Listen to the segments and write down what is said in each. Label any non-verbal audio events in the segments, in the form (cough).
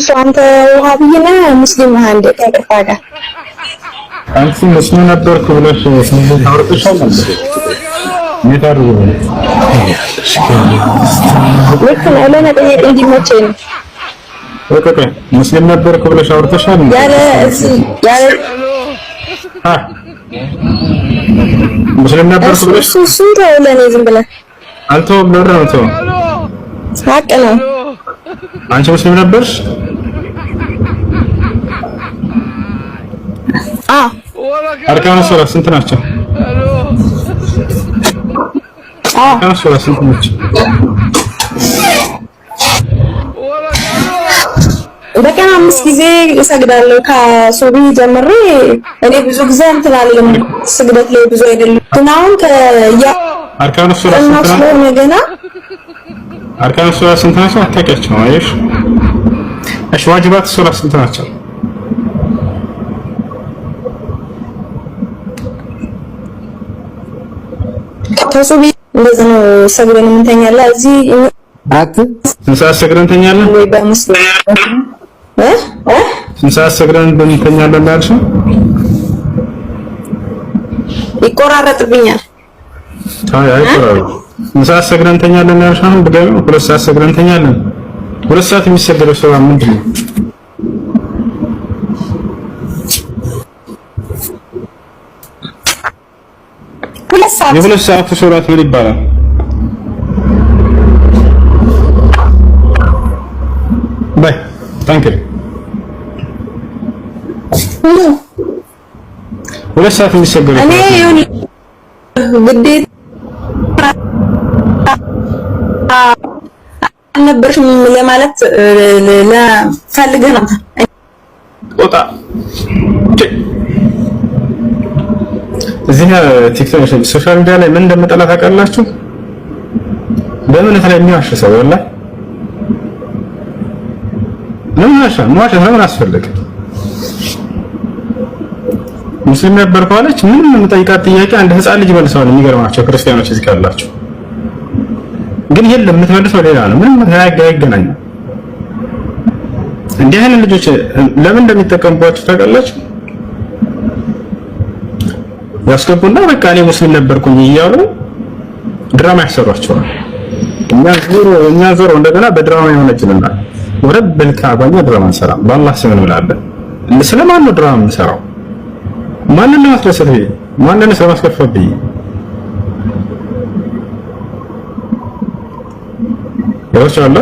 እሱ አንተ ውሃብይ ነህ ሙስሊም ነህ? አንዴ ከቅርታ ጋር አንቺ ሙስሊም ነበርኩ ብለሽ ታወርጥሻል ነበር። እንዲመቸኝ ነው። ወቀቀ ሙስሊም ነበርኩ ብለሽ አውርተሻል። ያለ ያለ ሙስሊም ነበርኩ ብለሽ እሱ ተው ለኔ ዝም ብለህ አልተውም። ለወራ ነው ተው ሀቅ ነው አንቺ ሙስሊም ነበርሽ? አዎ። አርካኑ ሶላት ስንት ናቸው? አርካኑ ሶላት ስንት ናቸው? በቀን አምስት ጊዜ እሰግዳለሁ ከሶቢ ጀምሬ። እኔ ብዙ ጊዜ እንትን አልልም፣ ስግደት ላይ ብዙ አይደለም። ግን አሁን ከያ አርካኑ ሶላት ስንት ናቸው? አርካን ሱራ ስንት ናቸው? ነው። አይሽ እሺ፣ ዋጅባት ሱራ ስንት ናቸው? ተሱቢ እንደዛ ነው። ሰግደን እንተኛለን። እዚህ አት ስንት ሰዓት ሰግደን እንተኛለን? ወይ በምስል እ ስንት ሰዓት ሰግረን እንተኛለን ማለት ነው። ይቆራረጥብኛል። አይ አይ ምሳ ሰግደን ያልሽ አሁን ሁለት ሰዓት ሰግደን ሁለት ሰዓት የሚሰገደው ምንድን ነው? የሁለት ሰዓቱ ሶላት ምን ይባላል? ባይ ታንክ ዩ ሁለት ሰዓት የሚሰገደው እኔ ግዴታ አልነበርሽም ለማለት ፈልገህ ነው። ወጣ እዚህ ቲክቶክ ሶሻል ሚዲያ ላይ ምን እንደምጠላ ታውቃላችሁ? በእምነት ላይ የሚዋሽ ሰው ያለ ለምን ዋሻ መዋሸት ለምን አስፈለገ? ሙስሊም ነበር ካለች ምንም የምጠይቃት ጥያቄ አንድ ህፃን ልጅ መልሰዋል። የሚገርማቸው ክርስቲያኖች እዚህ ካላችሁ ግን ይሄን የምትመልሰው ሌላ ነው። ምንም አይገናኝ። እንዲህ አይነት ልጆች ለምን እንደሚጠቀሙባቸው ታውቃላችሁ? ያስገቡና በቃ እኔ ሙስሊም ነበርኩኝ እያሉ ድራማ ያሰሯቸዋል። እኛ ዞሮ እኛ ዞሮ እንደገና በድራማ ይሆነችልናል። ወረብል ካዕባ ድራማ እንሰራ በአላህ ስም እንምላለን። ስለማን ነው ድራማ የምንሰራው? ማንን ለማስደሰት? ማንን ስለማስከፋት? ያወቻለ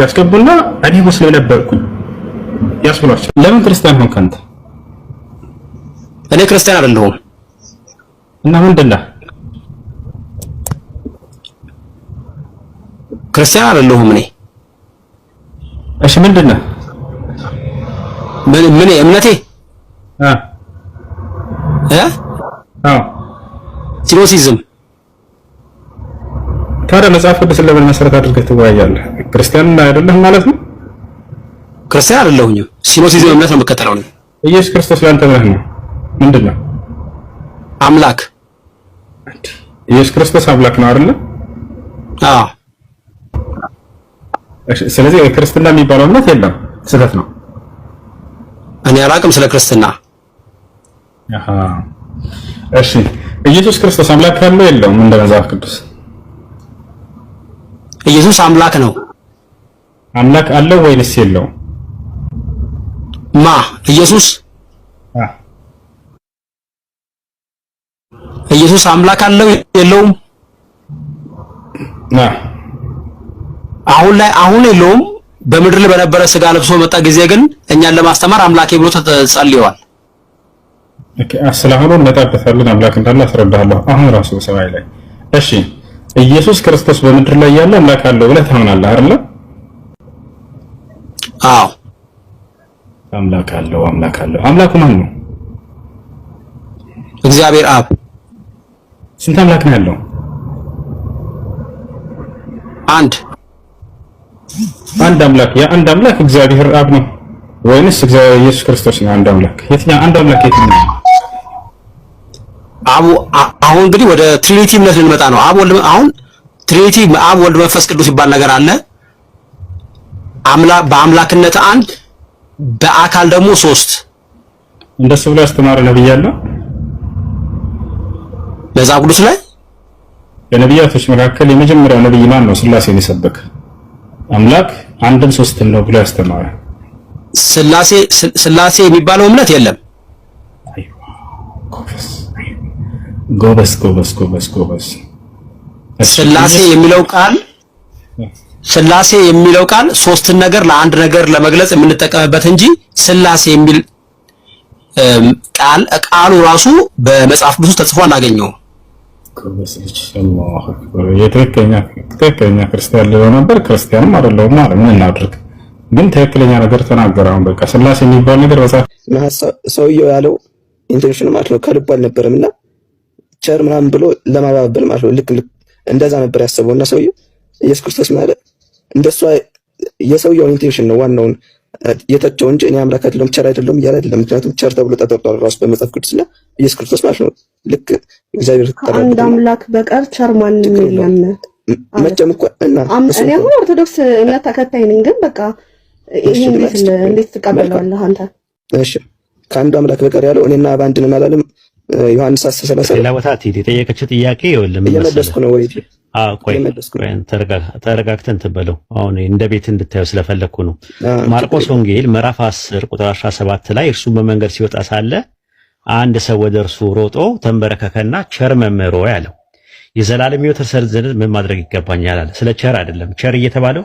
ያስገቡና እኔ ሙስሊም ነበርኩኝ ያስብሏቸው። ለምን ክርስቲያን ሆንክ አንተ? እኔ ክርስቲያን አይደለሁም። እና ምንድን ክርስቲያን አይደለሁም እኔ። እሺ ምንድን ምን ምን እምነቴ አ አ ሲኖሲዝም ታዲያ መጽሐፍ ቅዱስን ለምን መሰረት አድርገህ ትወያያለህ? ክርስቲያን አይደለህ ማለት ነው። ክርስቲያን አይደለሁኝ። ሲኖሲዝም እምነት ነው የምከተለው ነው። ኢየሱስ ክርስቶስ ለአንተ ምንህ ነው? ምንድን ነው? አምላክ። ኢየሱስ ክርስቶስ አምላክ ነው አይደለ? አዎ። ስለዚህ ክርስትና የሚባለው እምነት የለም፣ ስህተት ነው። እኔ አላውቅም ስለ ክርስትና። እሺ ኢየሱስ ክርስቶስ አምላክ ያለው የለውም እንደ መጽሐፍ ቅዱስ ኢየሱስ አምላክ ነው። አምላክ አለው ወይንስ የለው? ማ ኢየሱስ ኢየሱስ አምላክ አለው የለውም? አሁን ላይ አሁን የለውም። በምድር ላይ በነበረ ስጋ ለብሶ መጣ ጊዜ ግን እኛን ለማስተማር አምላኬ ብሎ ተጸልየዋል። ኦኬ፣ ስለአሁኑ እንመጣበታለን። አምላክ እንዳለ አስረዳለሁ። አሁን ራሱ ሰማይ ላይ እሺ ኢየሱስ ክርስቶስ በምድር ላይ ያለ አምላክ አለው ብለህ ታምናለህ አይደል? አዎ አምላክ አለው። አምላክ አለው። አምላኩ ማን ነው? እግዚአብሔር አብ። ስንት አምላክ ነው ያለው? አንድ አንድ አምላክ። ያ አንድ አምላክ እግዚአብሔር አብ ነው ወይንስ ኢየሱስ ክርስቶስ ነው? አንድ አምላክ የትኛው አንድ አምላክ የትኛው አሁን እንግዲህ ወደ ትሪኒቲ እምነት ልንመጣ ነው። አብ ወልድ አሁን ትሪኒቲ አብ ወልድ መንፈስ ቅዱስ ይባል ነገር አለ። በአምላክነት አንድ፣ በአካል ደግሞ ሶስት። እንደሱ ብሎ ያስተማረ ነብይ አለ መጽሐፍ ቅዱስ ላይ። በነቢያቶች መካከል የመጀመሪያው ነብይ ማን ነው? ስላሴን የሰበከ አምላክ አንድም ሶስትም ነው ብሎ ያስተማረ ስላሴ ስላሴ የሚባለው እምነት የለም። ጎበስ ጎበስ ጎበስ ጎበስ። ስላሴ የሚለው ቃል ስላሴ የሚለው ቃል ሶስትን ነገር ለአንድ ነገር ለመግለጽ የምንጠቀምበት እንጂ ስላሴ የሚል ቃል ቃሉ ራሱ በመጽሐፍ ቅዱስ ተጽፎ አናገኘውም። ጎበስ ልጅ አላሁ አክበር። የትክክለኛ ትክክለኛ ክርስቲያን ልለው ነበር፣ ክርስቲያንም አይደለሁም ማለት ምን እናድርግ። ግን ትክክለኛ ነገር ተናገረ። አሁን በቃ ስላሴ የሚባል ነገር በጻፍ ሰውየው ያለው ኢንቴንሽን ማለት ነው ከልቡ አልነበረም እና ቸር ምናምን ብሎ ለማባበል ማለት ነው። ልክ ልክ እንደዛ ነበር ያሰበው እና ሰውየው ኢየሱስ ክርስቶስ ማለት እንደሱ የሰውየውን ኢንቴንሽን ነው ዋናውን የተቸው እንጂ እኔ አምላክ አይደለም ቸር አይደለም እያለ አይደለም። ምክንያቱም ቸር ተብሎ ተጠርጧል ራሱ በመጽሐፍ ቅዱስ ላይ ኢየሱስ ክርስቶስ ማለት ነው። ልክ እግዚአብሔር ተጠራ አንድ አምላክ በቀር ቸር ማንም የለም መቼም እኮ እና እኔ አሁን ኦርቶዶክስ እምነት ተከታይ ነኝ፣ ግን በቃ ይሄን እንዴት ትቀበለዋለህ አንተ? እሺ ከአንዱ አምላክ በቀር ያለው እኔና በአንድ ነን አላለም ዮሐንስ አስተሰለሰ ሌላ ቦታ አትሂድ። የጠየቀችው ጥያቄ የለም እየመለስኩ ነው። ወይ ቆይ ተረጋግተህ እንትን በለው። አሁን እንደ ቤት እንድታየው ስለፈለግኩ ነው። ማርቆስ ወንጌል ምዕራፍ 10 ቁጥር 17 ላይ እርሱ በመንገድ ሲወጣ ሳለ አንድ ሰው ወደ እርሱ ሮጦ ተንበረከከና ቸር መምህር ሆይ የዘላለም ሕይወት እሰርጽ ዘንድ ምን ማድረግ ይገባኛል አለ። ስለ ቸር አይደለም ቸር እየተባለው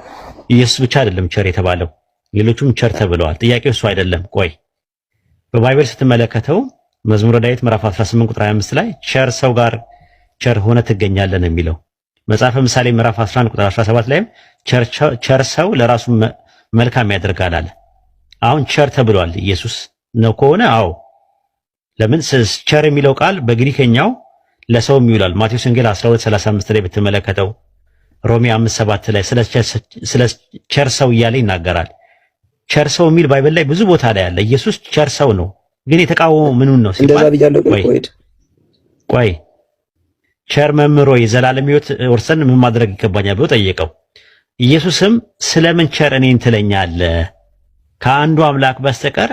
ኢየሱስ ብቻ አይደለም ቸር የተባለው ሌሎቹም ቸር ተብለዋል። ጥያቄው እሱ አይደለም። ቆይ በባይብል ስትመለከተው መዝሙረ ዳዊት ምዕራፍ 18 ቁጥር 25 ላይ ቸር ሰው ጋር ቸር ሆነ ትገኛለን የሚለው መጽሐፈ ምሳሌ ምዕራፍ 11 ቁጥር 17 ላይም ቸር ሰው ለራሱ መልካም ያደርጋል አለ። አሁን ቸር ተብሏል ኢየሱስ ነው ከሆነ አዎ። ለምን ቸር የሚለው ቃል በግሪከኛው ለሰው ይውላል። ማቴዎስ ወንጌል 12:35 ላይ ብትመለከተው ሮሚ 5:7 ላይ ስለ ቸር ሰው እያለ ይናገራል። ቸር ሰው የሚል ባይብል ላይ ብዙ ቦታ ላይ አለ። ኢየሱስ ቸር ሰው ነው ግን የተቃወሙ ምኑን ነው ሲባል ቆይ ቸር መምህሮ የዘላለም ሕይወት ወርሰን ምን ማድረግ ይገባኛል ብሎ ጠየቀው። ኢየሱስም ስለምን ቸር እኔን ትለኛለህ? ከአንዱ አምላክ በስተቀር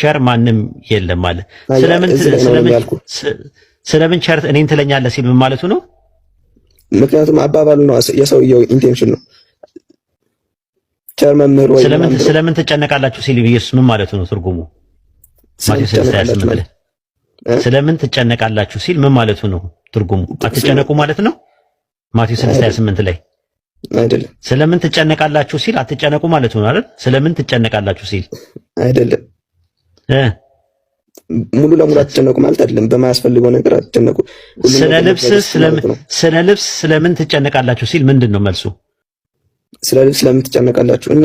ቸር ማንም የለም አለ። ስለምን ቸር እኔን ትለኛለህ ሲል ምን ማለቱ ነው? ምክንያቱም አባባሉ ነው፣ የሰውየው ኢንቴንሽን ነው። ቸር መምህሮ ስለምን ትጨነቃላችሁ ሲል ኢየሱስ ምን ማለቱ ነው ትርጉሙ? ስለምን ትጨነቃላችሁ ሲል ምን ማለቱ ነው? ትርጉሙ አትጨነቁ ማለት ነው። ማቴዎስ 6:28 ላይ አይደለም። ስለምን ትጨነቃላችሁ ሲል አትጨነቁ ማለት ነው አይደል? ስለምን ትጨነቃላችሁ ሲል አይደለም። ሙሉ ለሙሉ አትጨነቁ ማለት አይደለም። በማያስፈልገው ነገር አትጨነቁ። ስለ ልብስ ስለ ልብስ ስለምን ትጨነቃላችሁ ሲል ምንድን ነው መልሱ? ስለ ልብስ ስለምን ትጨነቃላችሁ እና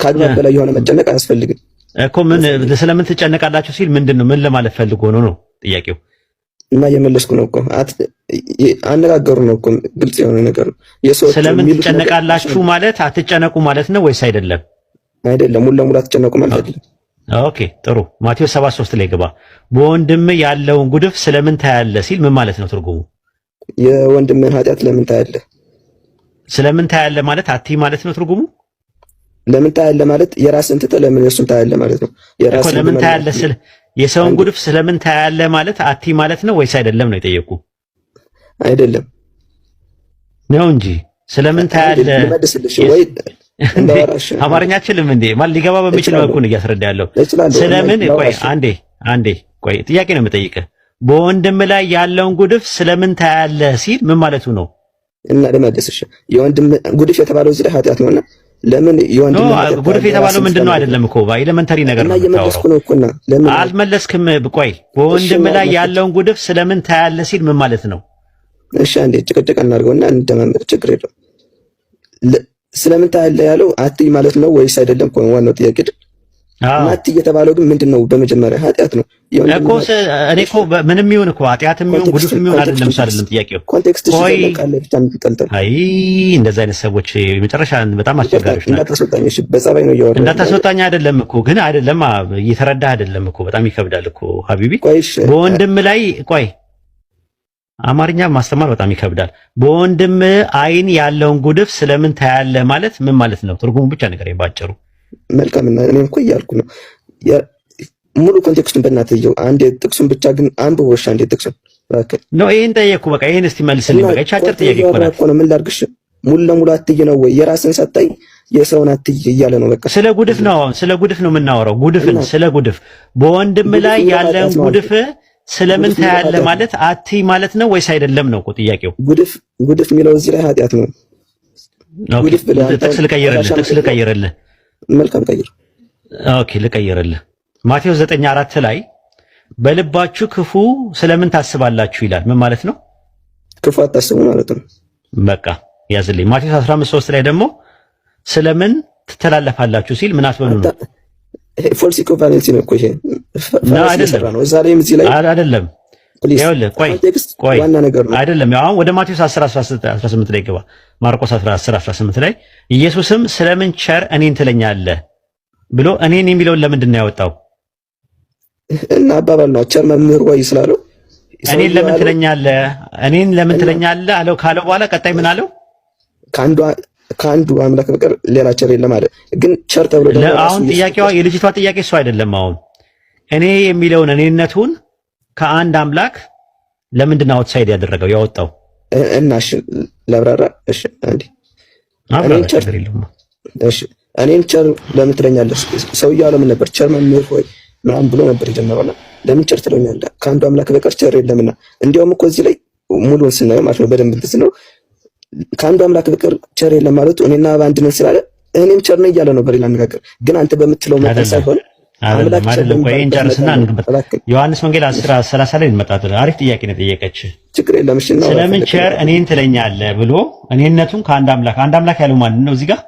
ከአቅማችሁ በላይ የሆነ መጨነቅ አያስፈልግም። እኮ ምን ስለምን ትጨነቃላችሁ ሲል ምንድን ነው ምን ለማለት ፈልጎ ነው ነው ጥያቄው። እና እየመለስኩ ነው እኮ አነጋገሩ ነው እኮ ግልጽ የሆነ ነገር ነው። ስለምን ትጨነቃላችሁ ማለት አትጨነቁ ማለት ነው ወይስ አይደለም? አይደለም፣ ሙሉ ለሙሉ አትጨነቁ ማለት አይደለም። ኦኬ ጥሩ። ማቴዎስ 7:3 ላይ ግባ። በወንድም ያለውን ጉድፍ ስለምን ታያለ ሲል ምን ማለት ነው ትርጉሙ? የወንድምን ኃጢአት ለምን ታያለ ስለምን ታያለ ማለት አትይ ማለት ነው ትርጉሙ ለምን ታያለህ ማለት የራስህን ትተህ ለምን እሱን ታያለህ ማለት ነው። የራስህን ለምን ታያለህ ስለ የሰውን ጉድፍ ስለምን ታያለህ ማለት አቲ ማለት ነው ወይስ አይደለም ነው የጠየቁ። አይደለም ነው እንጂ ስለምን ታያለህ ልመልስልሽ ወይ (laughs) አማርኛ አችልም እንዴ? ማለት ሊገባ በሚችል መልኩ ነው እያስረዳ ያለው። ስለምን ቆይ አንዴ አንዴ ቆይ ጥያቄ ነው የምጠይቅህ። በወንድም ላይ ያለውን ጉድፍ ስለምን ታያለህ ሲል ምን ማለቱ ነው? እና ልመልስልሽ የወንድም ጉድፍ የተባለው እዚህ ላይ ኃጢአት ነውና ለምን ይወንድ ጉድፍ የተባለው ምንድነው? አይደለም እኮ ኤሌመንተሪ ነገር ነው። እየመለስኩ ነው እኮና ለምን አልመለስክም? ቆይ በወንድም ላይ ያለውን ጉድፍ ስለምን ታያለ ሲል ምን ማለት ነው? እሺ አንዴ ጭቅጭቅ እናድርገውና እንደማመድ ችግር የለውም። ስለምን ታያለ ያለው አትይ ማለት ነው ወይስ አይደለም? ዋናው ጥያቄ ማት እየተባለው ግን ምንድን ነው? በመጀመሪያ ኃጢአት ነው እኮ እኔ እኮ ምንም ይሁን እኮ ኃጢአት የሚሆን ጉዱፍ የሚሆን አይደለም። አይደለም ጥያቄው ኮንቴክስት አይ እንደዚህ አይነት ሰዎች የመጨረሻ በጣም አስቸጋሪዎች ናቸው። በጸባይ ነው እያወራሁ እንዳታስወጣኝ አይደለም እኮ ግን አይደለም እየተረዳህ አይደለም እኮ በጣም ይከብዳል እኮ ሀቢቢ በወንድም ላይ ቆይ አማርኛ ማስተማር በጣም ይከብዳል። በወንድም አይን ያለውን ጉድፍ ስለምን ታያለህ ማለት ምን ማለት ነው? ትርጉሙ ብቻ ነገር ባጭሩ መልካምና እኔም እኮ እያልኩ ነው ሙሉ ኮንቴክስቱን በእናትየው አንድ ጥቅሱን ብቻ ግን አንዱ ወሻ አንድ ጥቅሱን ነው ይህን ጠየቅኩ። በቃ ይህን እስቲ መልስልኝ። በቃ ቻጭር ጥያቄ ነው። ምን ላድርግሽ? ሙሉ ለሙሉ አትይ ነው ወይ የራስን ሰጠይ የሰውን አትይ እያለ ነው። በቃ ስለ ጉድፍ ነው አሁን ስለ ጉድፍ ነው የምናወራው። ጉድፍን ስለ ጉድፍ በወንድም ላይ ያለን ጉድፍ ስለምን ታያለ ማለት አትይ ማለት ነው ወይስ አይደለም ነው እኮ ጥያቄው። ጉድፍ ጉድፍ የሚለው እዚህ ላይ ኃጢአት ነው። ጥቅስ ልቀይርልህ፣ ጥቅስ ልቀይርልህ መልካም ቀይር። ኦኬ ልቀይርልህ። ማቴዎስ ዘጠኝ አራት ላይ በልባችሁ ክፉ ስለምን ታስባላችሁ ይላል። ምን ማለት ነው? ክፉ አታስቡ ማለት ነው። በቃ ያዝልኝ። ማቴዎስ 15 ላይ ደግሞ ስለምን ትተላለፋላችሁ ሲል ምን አትበሉ ነው። ፎልሲ ኮቫለንሲ ነው እኮ ይሄ ነው አይደለም? አይደለም አሁን ወደ ማቴዎስ 18 ላይ ግባ። ማርቆስ 18 ላይ ኢየሱስም ስለምን ቸር እኔን ትለኛለህ ብሎ እኔን የሚለውን ለምንድን ነው ያወጣው? እና አባባል ነው ቸር መምህር ወይ ስላለው እኔን ለምን ትለኛለህ እኔን ለምን ትለኛለህ አለው ካለው በኋላ ቀጣይ ምን አለው? ከአንዱ አምላክ በቀር ሌላ ቸር የለም አለ። ግን ቸር ተብሎ አሁን ጥያቄዋ የልጅቷ ጥያቄ እሱ አይደለም። አሁን እኔ የሚለውን እኔነቱን ከአንድ አምላክ ለምንድን አውትሳይድ ያደረገው ያወጣው? እና እሺ ለብራራ እሺ አንዴ እኔን ቸር ለምን ትለኛለህ? ሰውዬው አለ ነበር ቸር መምህር ሆይ ምናምን ብሎ ነበር የጀመረውና ለምን ቸር ትለኛለህ? ከአንዱ አምላክ በቀር ቸር የለምና። እንዲያውም እኮ እዚህ ላይ ሙሉን ስናየው ማለት ነው በደንብ እንትን ስናየው ከአንዱ አምላክ በቀር ቸር የለም ማለቱ እኔና በአንድ ነን ስላለ እኔም ቸር ነኝ እያለ ነው። በሌላ አነጋገር ግን አንተ በምትለው መጠን ሳይሆን አይደለም ቆይ እንጨርስና እንግባ። ዮሐንስ ወንጌል 10 30 ላይ እንመጣለን። አሪፍ ጥያቄ ነው ጠየቀች። ችግር የለም እሺ። ስለምን ቸር እኔን ትለኛለህ ብሎ እኔነቱን ከአንድ አምላክ አንድ አምላክ ያለው ማን ነው? እዚህ ጋር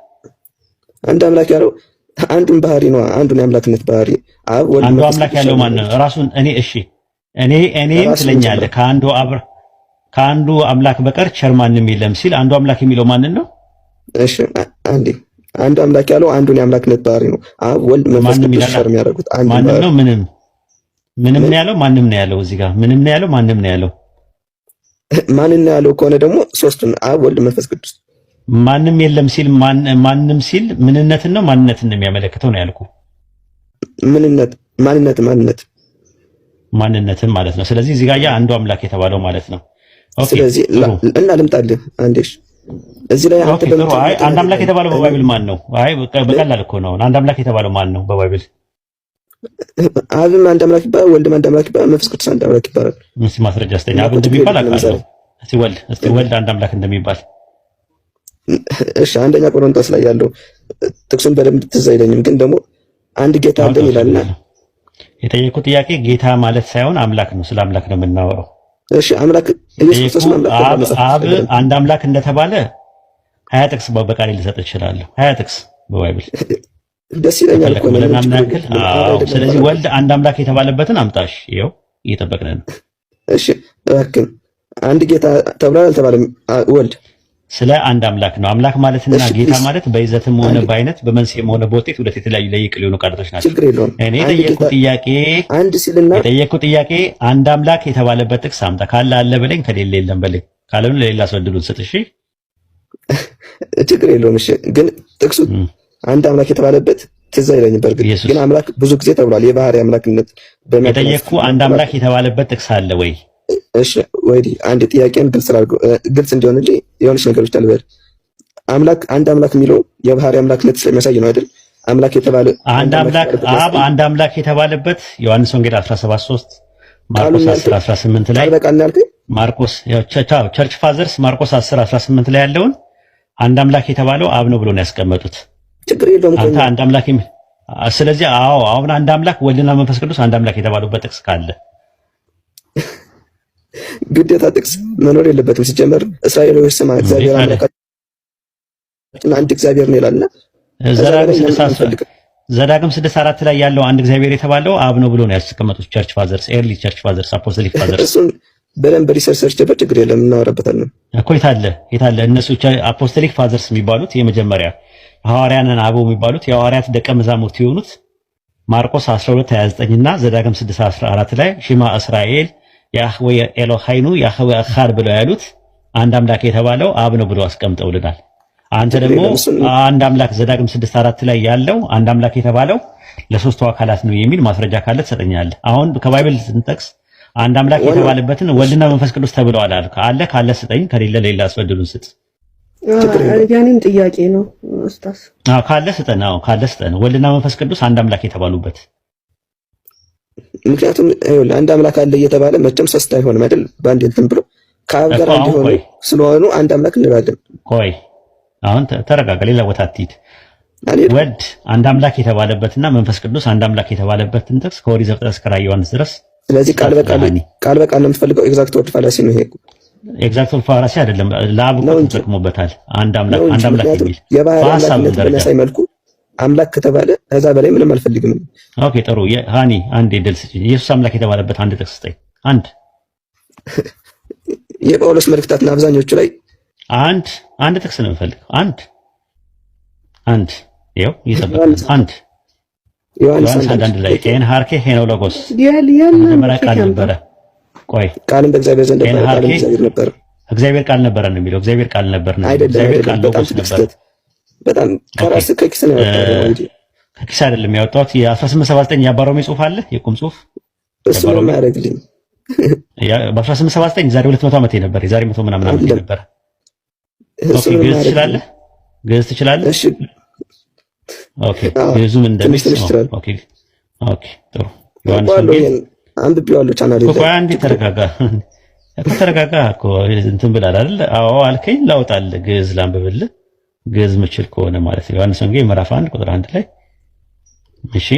አንድ አምላክ ያለው አንዱን ባህሪ ነው። አንዱን የአምላክነት ባህሪ አብ ወልድ አንዱ አምላክ ያለው ማን ነው? ራሱን እኔ እሺ እኔ እኔን ትለኛለህ ከአንዱ አብር ከአንዱ አምላክ በቀር ቸር ማንም የለም ሲል አንዱ አምላክ የሚለው ማንን ነው? እሺ አንዴ አንድ አምላክ ያለው አንዱን የአምላክነት ባህሪ ነው። አብ ወልድ፣ መንፈስ ቅዱስ ሸር የሚያደርጉት አንድ ነው። ምንም ምንም ነው ያለው ማንም ነው ያለው እዚህ ጋር ምንም ነው ያለው ማንም ነው ያለው ማንን ነው ያለው ከሆነ ደግሞ ሶስቱን አብ ወልድ፣ መንፈስ ቅዱስ ማንም የለም ሲል ማንም ሲል ምንነትን ነው ማንነትን ነው የሚያመለክተው ነው ያልኩ። ምንነት ማንነት ማንነት ማንነትን ማለት ነው። ስለዚህ እዚህ ጋር ያ አንዱ አምላክ የተባለው ማለት ነው። ስለዚህ እና ልምጣልህ አንዴሽ እዚህ ላይ አንተ አይ አንድ አምላክ የተባለው በባይብል ማን ነው? አይ በቀላል እኮ ነው። አንድ አምላክ የተባለው ማን ነው በባይብል? አብም አንድ አምላክ ይባላል፣ ወልድም አንድ አምላክ ይባላል፣ መንፈስ ቅዱስ አንድ አምላክ ይባላል። እስኪ ማስረጃ ስጠኝ። አብ እንደሚባል አውቃለሁ። እስኪ ወልድ እስኪ ወልድ አንድ አምላክ እንደሚባል እሺ። አንደኛ ቆሮንቶስ ላይ ያለው ጥቅሱን በደንብ ትዝ አይለኝም፣ ግን ደግሞ አንድ ጌታ አለን ይላልና የጠየቁት ጥያቄ ጌታ ማለት ሳይሆን አምላክ ነው። ስለ አምላክ ነው የምናወራው እሺ አምላክ ኢየሱስ ክርስቶስ አብ አንድ አምላክ እንደተባለ ሀያ ጥቅስ በቃሌ ልሰጥ እችላለሁ። ሀያ ጥቅስ በባይብል ደስ ይለኛል እኮ ነው። ስለዚህ ወልድ አንድ አምላክ የተባለበትን አምጣሽ። ይኸው እየጠበቅን ነው። እሺ እባክህ አንድ ጌታ ተብሏል አልተባለም? ወልድ ስለ አንድ አምላክ ነው። አምላክ ማለትና ጌታ ማለት በይዘትም ሆነ በአይነት በመንስኤም ሆነ በውጤት ሁለት የተለያዩ ለይቅ ሊሆኑ ቃላቶች ናቸው። እኔ የጠየቅኩት ጥያቄ አንድ ሲልና አንድ አምላክ የተባለበት ጥቅስ አምጣ። ካለ አለ በለኝ፣ ከሌለ የለም በለኝ። ካለም ለሌላ ሰው እድሉን ስጥ። እሺ፣ (laughs) ችግር የለውም። እሺ፣ ግን ጥቅሱ አንድ አምላክ የተባለበት ትዝ አይለኝም። በእርግጥ ግን አምላክ ብዙ ጊዜ ተብሏል። የባህሪ አምላክነት በመጠየቅኩ አንድ አምላክ የተባለበት ጥቅስ አለ ወይ? እሺ ወይዲ አንድ ጥያቄን ግልጽ አድርጎ ግልጽ እንዲሆን እንጂ የሆነች ነገሮች ታልበል አምላክ አንድ አምላክ የሚለው የባህሪ አምላክ ለት ስለሚያሳይ ነው አይደል? አምላክ የተባለ አንድ አምላክ አብ አንድ አምላክ የተባለበት ዮሐንስ ወንጌል 17:3 ማርቆስ 10:18 ላይ ማርቆስ ቸርች ፋዘርስ ማርቆስ 10:18 ላይ ያለውን አንድ አምላክ የተባለው አብ ነው ብሎ ነው ያስቀመጡት። ችግር የለውም አንተ አንድ አምላክ ስለዚህ አዎ አሁን አንድ አምላክ ወልድና መንፈስ ቅዱስ አንድ አምላክ የተባሉበት ጥቅስ ካለ ግዴታ ጥቅስ መኖር የለበትም። ሲጀመር እስራኤላዊ ስማ እግዚአብሔር አምላካችን አንድ እግዚአብሔር ነው ይላልና ዘዳግም ስድስት አራት ላይ ያለው አንድ እግዚአብሔር የተባለው አብ ነው ብሎ ነው ያስቀመጡት ቸርች ፋዘርስ፣ ኤርሊ ቸርች ፋዘርስ፣ አፖስቶሊክ ፋዘርስ። እሱን በደንብ ሪሰርች ሰርች ችግር የለም እናወራበታለን እኮ የታለ የታለ እነሱ አፖስቶሊክ ፋዘርስ የሚባሉት የመጀመሪያ ሐዋርያንን አበው የሚባሉት የሐዋርያት ደቀ መዛሙርት የሆኑት ማርቆስ 12 29 እና ዘዳግም 6 14 ላይ ሽማ እስራኤል ያህዌ ኤሎሃይኑ ያህዌ አኻር ብለው ያሉት አንድ አምላክ የተባለው አብ ነው ብሎ አስቀምጠውልናል። አንተ ደግሞ አንድ አምላክ ዘዳግም ስድስት አራት ላይ ያለው አንድ አምላክ የተባለው ለሶስቱ አካላት ነው የሚል ማስረጃ ካለ ትሰጠኛለህ። አሁን ከባይብል ስንጠቅስ አንድ አምላክ የተባለበትን ወልድና መንፈስ ቅዱስ ተብለዋል አልክ አለ ካለ ስጠኝ፣ ከሌለ ሌላ አስወድዱን ስጥ። ያኔም ጥያቄ ነው ኡስታዝ። ካለ ስጠን፣ ካለ ስጠን። ወልድና መንፈስ ቅዱስ አንድ አምላክ የተባሉበት ምክንያቱም አንድ አምላክ አለ እየተባለ መቼም ሶስት አይሆንም አይደል? በአንድ እንትን ብሎ ከአብ ጋር አንድ ሆኖ ስለሆኑ አንድ አምላክ እንላለን። ቆይ አሁን ተረጋጋ፣ ሌላ ቦታ አትሂድ። ወልድ አንድ አምላክ የተባለበትና መንፈስ ቅዱስ አንድ አምላክ የተባለበትን ጥቅስ ከኦሪት ዘፍጥረት እስከ ራዕየ ዮሐንስ ድረስ ስለዚህ ቃል በቃል ቃል በቃል ነው የምትፈልገው። ኤግዛክት ወርድ ፋላሲ ነው ይሄ። ኤግዛክት ወርድ ፋላሲ አይደለም፣ ለአብ እኮ ተጠቅሞበታል። አንድ አምላክ አንድ አምላክ የሚል በሀሳብ ደረጃ መልኩ አምላክ ከተባለ ከዛ በላይ ምንም አልፈልግም። ኦኬ ጥሩ ሃኒ አንድ ዕድል ኢየሱስ አምላክ የተባለበት አንድ ጥቅስ ስጠኝ። አንድ (laughs) የጳውሎስ መልእክታትና አብዛኞቹ ላይ አንድ አንድ ጥቅስ ነው የምፈልገው። አንድ አንድ ያው ይሰበካል። አንድ ዮሐንስ አንድ አንድ ላይ ኤን ሃርኬ ሄኖ ሎጎስ መጀመሪያ ቃል ነበረ። ቆይ ቃልም በእግዚአብሔር ዘንድ ነበረ፣ እግዚአብሔር ቃል ነበረ ነው የሚለው። እግዚአብሔር ቃል ነበር ነው። እግዚአብሔር ቃል ሎጎስ ነበር በጣም ከራስ ከኪስ ነው ያወጣው እንጂ ከኪስ አይደለም ያወጣሁት። የ1879 የአባሮሜ ጽሁፍ አለ የቁም ጽሁፍ እሱ ነው የሚያደርግልኝ። በ1879 ዛሬ 200 ዓመት ነበር፣ የዛሬ 100 ምናምን ዓመት ነበር። እሱ ነው ግዕዝ ትችላለህ? ግዕዝ ትችላለህ? እሺ ኦኬ። ግዕዙ ምን እንደሚል ኦኬ፣ ኦኬ፣ ጥሩ ዮሐንስ ወንጌል አንብቤዋለሁ። ቻናል ይደረግ እኮ አንዴ ተረጋጋ ተረጋጋ እኮ እንትን ብላል አይደል? አዎ አልከኝ። ላውጣልህ ግዕዝ ላንብብልህ ግዕዝ ምችል ከሆነ ማለት ነው። ዮሐንስ ወንጌል ምዕራፍ 1 ቁጥር 1 ላይ እሺ፣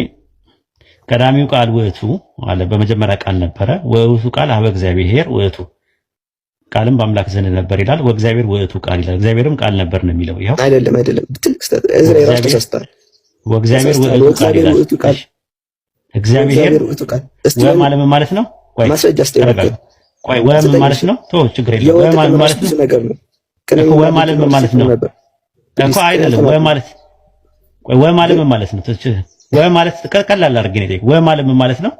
ቀዳሚው ቃል ውእቱ አለ፣ በመጀመሪያ ቃል ነበረ፣ ወውእቱ ቃል አበ እግዚአብሔር ውእቱ ቃልም በአምላክ ዘንድ ነበር ይላል። ወእግዚአብሔር ውእቱ ቃል ይላል። እግዚአብሔርም ቃል ነበር ነው የሚለው። ይሄው አይደለም፣ አይደለም። ትልቅ ወእግዚአብሔር ውእቱ ቃል ይላል። እግዚአብሔር ውእቱ ቃል ወ ማለት ነው። ቆይ ማስረጃ ስትረጋጋ ቆይ ወ ማለት ነው። ቶ ችግር የለም። ወ ማለት ነው። ወ ማለት ነው ማለት ነው እኮ አይደለም ወይ ማለት ወይ ወይ ማለት ምን ማለት ነው? ትች ወይ ማለት ቀላል አድርጌ ነው ወይ ማለት ምን ማለት ነው?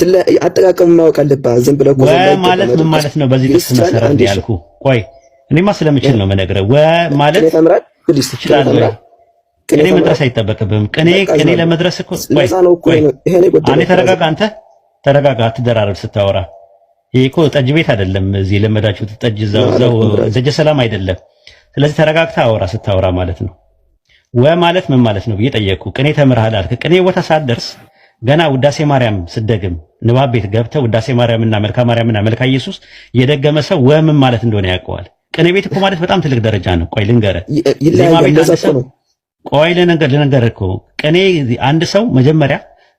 ትለ አጠቃቀም ማወቅ አለብህ። ዝም ብለህ ወይ ማለት ምን ማለት ነው? በዚህ ልክ መሰረት ያልኩ። ቆይ እኔማ ስለምችል ነው የምነግርህ። ወይ ማለት ትችላለህ። ቅኔ መድረስ አይጠበቅብህም። ቅኔ ቅኔ ለመድረስ እኮ ቆይ ቆይ፣ አንተ ተረጋጋ፣ አንተ ተረጋጋ፣ አትደራረብ ስታወራ። ይሄ እኮ ጠጅ ቤት አይደለም። እዚህ የለመዳችሁት ጠጅ እዛው እዛው ደጀ ሰላም አይደለም ስለዚህ ተረጋግታ አውራ ስታወራ ማለት ነው። ወ ማለት ምን ማለት ነው ብዬ ጠየቅኩ። ቅኔ ተምርሃል አልክ። ቅኔ ቦታ ሳትደርስ ገና ውዳሴ ማርያም ስደግም ንባብ ቤት ገብተ ውዳሴ ማርያምና መልካ ማርያምና መልካ ኢየሱስ የደገመ ሰው ወ ምን ማለት እንደሆነ ያውቀዋል። ቅኔ ቤት እኮ ማለት በጣም ትልቅ ደረጃ ነው። ቆይ ልንገረ ዜማ ቤት አንድ ሰው ቆይ እኮ ቅኔ አንድ ሰው መጀመሪያ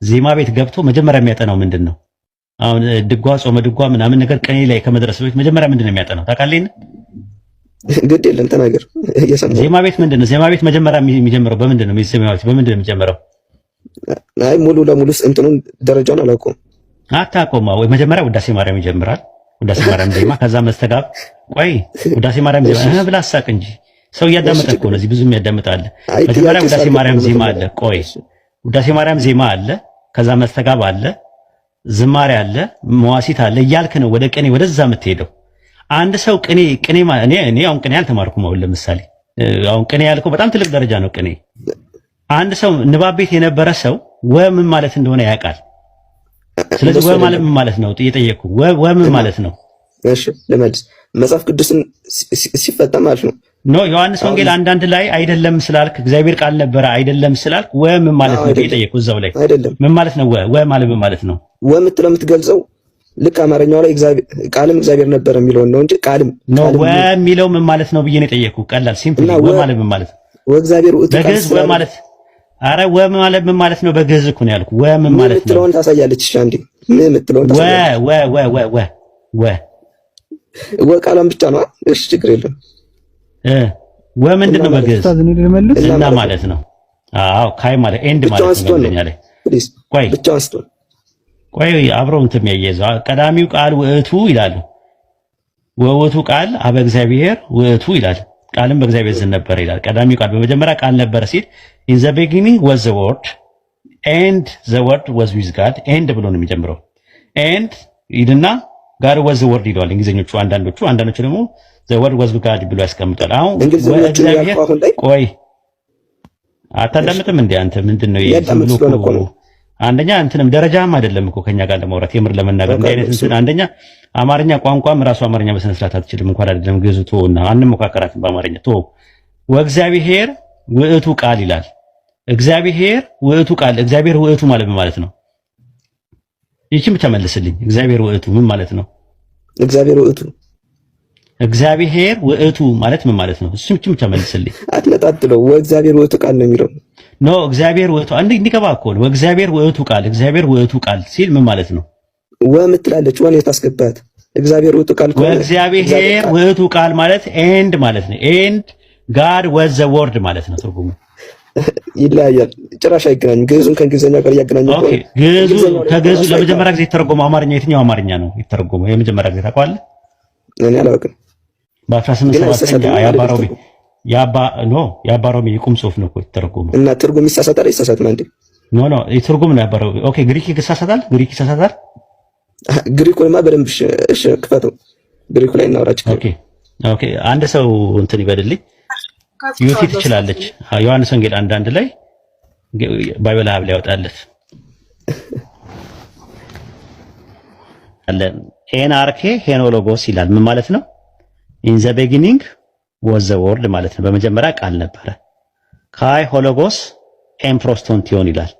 ዜማ ቤት ገብቶ መጀመሪያ የሚያጠናው ምንድን ነው? አሁን ድጓ፣ ጾመ ድጓ ምናምን ነገር ቅኔ ላይ ከመድረስ በፊት መጀመሪያ ምንድን ነው የሚያጠናው ታውቃለህ? ግድ የለም ተናገር። ዜማ ቤት ምንድን ነው? ዜማ ቤት መጀመሪያ የሚጀምረው በምንድን ነው? ዜማ ቤት በምንድን ነው የሚጀምረው? አይ ሙሉ ለሙሉ እንትኑን ደረጃውን አላውቀውም። አታውቀውም ወይ? መጀመሪያ ውዳሴ ማርያም ይጀምራል። ውዳሴ ማርያም ዜማ፣ ከዛ መስተጋብ። ቆይ ውዳሴ ማርያም ዜማ እህ ብላ አሳቅ እንጂ ሰው እያዳመጠ እኮ ነው። እዚህ ብዙ የሚያዳምጥ መጀመሪያ ውዳሴ ማርያም ዜማ አለ። ቆይ ውዳሴ ማርያም ዜማ አለ፣ ከዛ መስተጋብ አለ፣ ዝማሬ አለ፣ መዋሲት አለ እያልክ ነው ወደ ቅኔ ወደዛ የምትሄደው አንድ ሰው ቅኔ ቅኔ እኔ እኔ አሁን ቅኔ አልተማርኩም። አሁን ለምሳሌ አሁን ቅኔ ያልከው በጣም ትልቅ ደረጃ ነው። ቅኔ አንድ ሰው ንባብ ቤት የነበረ ሰው ወ ምን ማለት እንደሆነ ያውቃል። ስለዚህ ወ ማለት ምን ማለት ነው እየጠየቅኩ ወ ምን ማለት ነው? እሺ ልመልስ። መጽሐፍ ቅዱስን ሲፈታ ማለት ነው። ኖ ዮሐንስ ወንጌል አንዳንድ ላይ አይደለም ስላልክ እግዚአብሔር ቃል ነበረ አይደለም ስላልክ ወ ምን ማለት ነው እየጠየቅኩ እዛው ላይ አይደለም ምን ማለት ነው? ወ ማለት ምን ማለት ነው? ወ የምትለው የምትገልጸው ልክ አማርኛው ላይ ቃልም እግዚአብሔር ነበር የሚለውን ነው እንጂ ቃልም የሚለው ምን ማለት ነው ብዬ ነው የጠየኩህ። ቀላል ሲምፕል ማለት ምን ማለት ነው? ወእግዚአብሔር ውእቱ በግዕዝ ወ ማለት አረ ወ ማለት ምን ማለት ነው? በግዕዝ እኮ ነው ያልኩህ። ወ ምን ማለት ነው ትሎን ታሳያለች። እሺ አንዴ ምን የምትለውን ታሳያለች። ወ ወ ወ ወ ወ ወ ቃሏን ብቻ ነው። እሺ ችግር የለም። እ ወ ምንድን ነው በግዕዝ እና ማለት ነው። አዎ ካይ ማለት ኤንድ ማለት ነው። ብቻዋን ስትሆን ቆይ አብረው እንትን የሚያያይዘው ቀዳሚው ቃል ውእቱ ይላል። ወውቱ ቃል አበ እግዚአብሔር ውእቱ ይላል። ቃልም በእግዚአብሔር ዘንድ ነበር ይላል። ቀዳሚው ቃል በመጀመሪያ ቃል ነበር ሲል ኢን ዘ ቢጊኒንግ ዋዝ ዘ ወርድ ኤንድ ዘ ወርድ ዋዝ ዊዝ ጋድ ኤንድ ብሎ ነው የሚጀምረው። ኤንድ ይልና ጋድ ዋዝ ዘ ወርድ ይለዋል እንግሊዘኞቹ አንዳንዶቹ፣ አንዳንዶቹ ደግሞ ዘ ወርድ ዋዝ ጋድ ብሎ ያስቀምጣል። አሁን ቆይ አታዳምጥም እንዴ አንተ? ምንድን ነው ይሄ ብሎ አንደኛ እንትንም ደረጃም አይደለም እኮ ከኛ ጋር ለማውራት የምር ለመናገር እንደ አይነት እንትን አንደኛ አማርኛ ቋንቋም ራሱ አማርኛ በስነ ስርዓት አትችልም እንኳን አይደለም ግዙ ቶ እና አንሞካከራትም በአማርኛ ቶ ወእግዚአብሔር ውእቱ ቃል ይላል። እግዚአብሔር ውእቱ ቃል እግዚአብሔር ውእቱ ማለት ምን ማለት ነው። ይቺን ብቻ መልስልኝ። እግዚአብሔር ውእቱ ምን ማለት ነው? እግዚአብሔር ውእቱ እግዚአብሔር ውእቱ ማለት ምን ማለት ነው? እሱም ብቻ መልስልኝ። አትለጣጥለው ወእግዚአብሔር ውእቱ ቃል ነው የሚለው ኖ እግዚአብሔር ወቱ አንድ እንዲገባ እኮ ነው። እግዚአብሔር ወቱ ቃል እግዚአብሔር ወቱ ቃል ሲል ምን ማለት ነው? ወ ምትላለች ወን የታስገባት እግዚአብሔር ወቱ ቃል ከሆነ እግዚአብሔር ወቱ ቃል ማለት ኤንድ ማለት ነው። ኤንድ ጋድ ወዝ ዘ ወርድ ማለት ነው። ትርጉሙ ይለያያል። ጭራሽ አይገናኝም። ግዕዙን ከእንግሊዝኛ ጋር እያገናኘ ኦኬ። ግዕዙ ከግዕዙ ለመጀመሪያ ጊዜ የተረጎመው አማርኛ የትኛው አማርኛ ነው የተረጎመው? የመጀመሪያ ጊዜ ታውቀዋለህ? እኔ አላውቅም። በ1879 የአባራው ያባ ሮሚ የቁም ጽሁፍ ነው ትርጉሙ እና ትርጉም ይሳሳታል ይሳሳታል አንዴ ኖ ኖ የትርጉም ነው ያባ ሮሚ ኦኬ ግሪክ ይሳሳታል ግሪክ ይሳሳታል ግሪኩንማ በደንብ እሺ ክፈተው ግሪኩ ላይ እናውራጭ ኦኬ ኦኬ አንድ ሰው እንትን ይበልልኝ ዩቲ ትችላለች ዮሐንስ ወንጌል አንድ አንድ ላይ ባይበል ሀብ ላይ ያወጣለት አለ ኤን አርኬ ሄኖሎጎስ ይላል ምን ማለት ነው ኢን ዘ ቢጊኒንግ ወዘ ወርድ ማለት ነው። በመጀመሪያ ቃል ነበረ። ካይ ሆሎጎስ ኤን ፕሮስቶንቲዮን ይላል።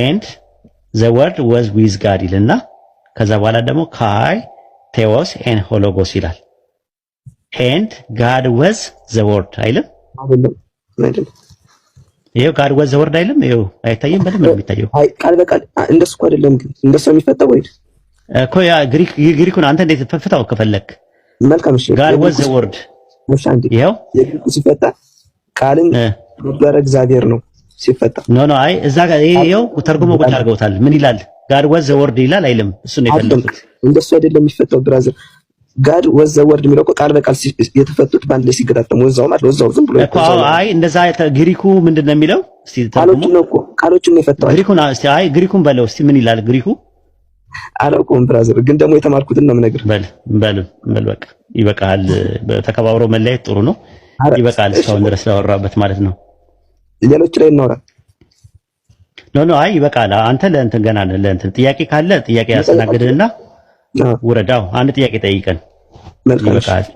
ኤንድ ዘ ወርድ ወዝ ዊዝ ጋድ ይልና ከዛ በኋላ ደግሞ ካይ ቴዎስ ኤን ሆሎጎስ ይላል። ኤንድ ጋድ ወዝ ዘ ወርድ አይልም። ይሄው ጋድ ወዝ ዘ ወርድ አይልም። ይሄው አይታየም። በደንብ ነው የሚታየው። አይ ቃል በቃል እንደሱ እኮ አይደለም። ግን እንደሱ የሚፈጠው ወይ እኮ ያ ግሪክ ግሪኩን አንተ እንዴት ፈትፈታው ከፈለክ። መልካም እሺ። ጋድ ወዝ ዘ ወርድ እሺ አንዴ ይሄው ሲፈታ ቃልን ነበረ እግዚአብሔር ነው ሲፈታ ኖ ኖ አይ እዛ ጋር ይሄው ተርጉሞ ቁጭ አድርገውታል። ምን ይላል? ጋድ ወዘ ወርድ ይላል አይልም? እሱ ነው የፈለኩት። እንደሱ አይደለም የሚፈታው ብራዘር። ጋድ ወዘ ወርድ የሚለው እኮ ቃል በቃል የተፈቱት በአንድ ላይ ሲገጣጠሙ ወዛው ማለት ወዛው ዝም ብሎ እኮ አይ እንደዛ ግሪኩ ምንድን ነው የሚለው? እስቲ ተርጉሙ ቃሎቹን ነው እኮ ቃሎቹን ነው የፈታው ግሪኩን። አይ ግሪኩን በለው እስቲ ምን ይላል ግሪኩ አላውቀውም ብራዘር፣ ግን ደግሞ የተማርኩትን ነው የምነግርህ። በል በል በል በቃ ይበቃል። ተከባብሮ መለያየት ጥሩ ነው። ይበቃል እስካሁን ድረስ ላወራበት ማለት ነው። ሌሎች ላይ እናወራ። ኖ ኖ፣ አይ ይበቃል። አንተ ለእንትን ገና ለእንትን ጥያቄ ካለ ጥያቄ ያስተናግድንና ውረዳው። አንድ ጥያቄ ጠይቀን ይበቃል።